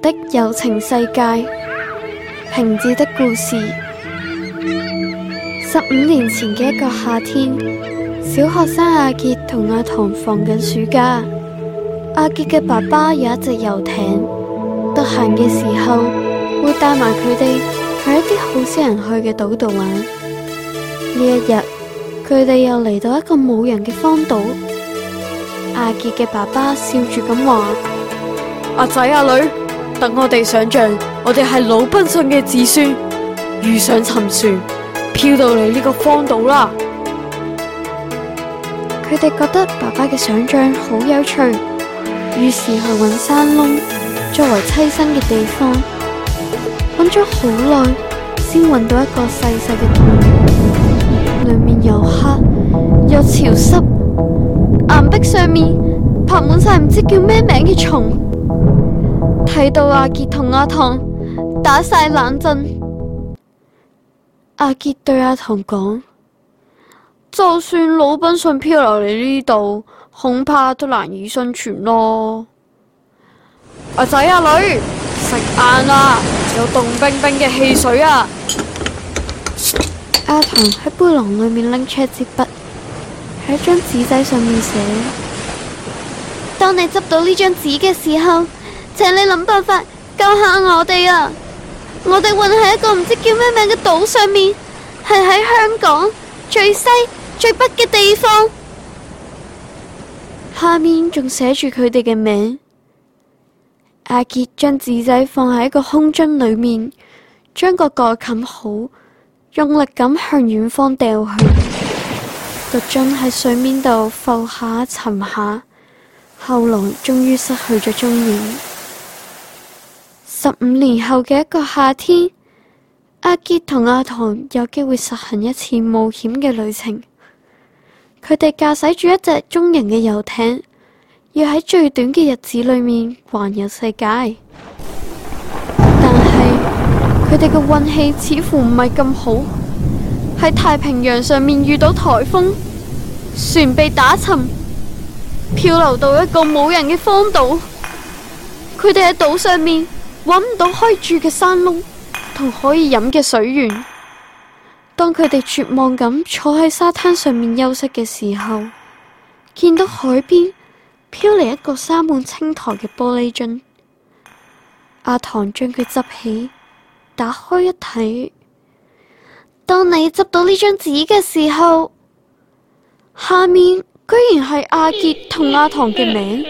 的有情世界，瓶子的故事。十五年前嘅一個夏天，小學生阿杰同阿唐放緊暑假。阿杰嘅爸爸有一隻遊艇，得閒嘅時候會帶埋佢哋喺一啲好少人去嘅島度玩。呢一日，佢哋又嚟到一個冇人嘅荒島。阿杰嘅爸爸笑住咁話：阿仔阿女，等我哋想象，我哋係魯濱遜嘅子孫，遇上沉船，漂到嚟呢個荒島啦。佢哋覺得爸爸嘅想象好有趣，於是去搵山窿作為棲身嘅地方。搵咗好耐，先搵到一個細細嘅洞，裏面又黑又潮濕，岩壁上面爬滿晒唔知叫咩名嘅蟲。睇到阿杰同阿唐打晒冷震，阿杰對阿唐講：就算魯濱遜漂流嚟呢度，恐怕都難以生存咯。阿仔阿女食晏啦，有凍冰冰嘅汽水啊！阿唐喺背囊裏面拎出一支筆，喺張紙仔上面寫：當你執到呢張紙嘅時候。請你諗辦法救下我哋啊！我哋混喺一個唔知叫咩名嘅島上面，係喺香港最西、最北嘅地方。下面仲寫住佢哋嘅名。阿杰將紙仔放喺一個空樽裏面，將個蓋冚好，用力咁向遠方掉去。個樽喺水面度浮下沉下，後來終於失去咗蹤影。十五年後嘅一個夏天，阿杰同阿棠有機會實行一次冒險嘅旅程。佢哋駕駛住一隻中型嘅遊艇，要喺最短嘅日子裏面環遊世界。但係佢哋嘅運氣似乎唔係咁好，喺太平洋上面遇到台風，船被打沉，漂流到一個冇人嘅荒島。佢哋喺島上面。搵唔到可以住嘅山窿同可以飲嘅水源，當佢哋絕望咁坐喺沙灘上面休息嘅時候，見到海邊飄嚟一個塞滿青苔嘅玻璃樽，阿唐將佢執起，打開一睇，當你執到呢張紙嘅時候，下面居然係阿杰同阿唐嘅名字。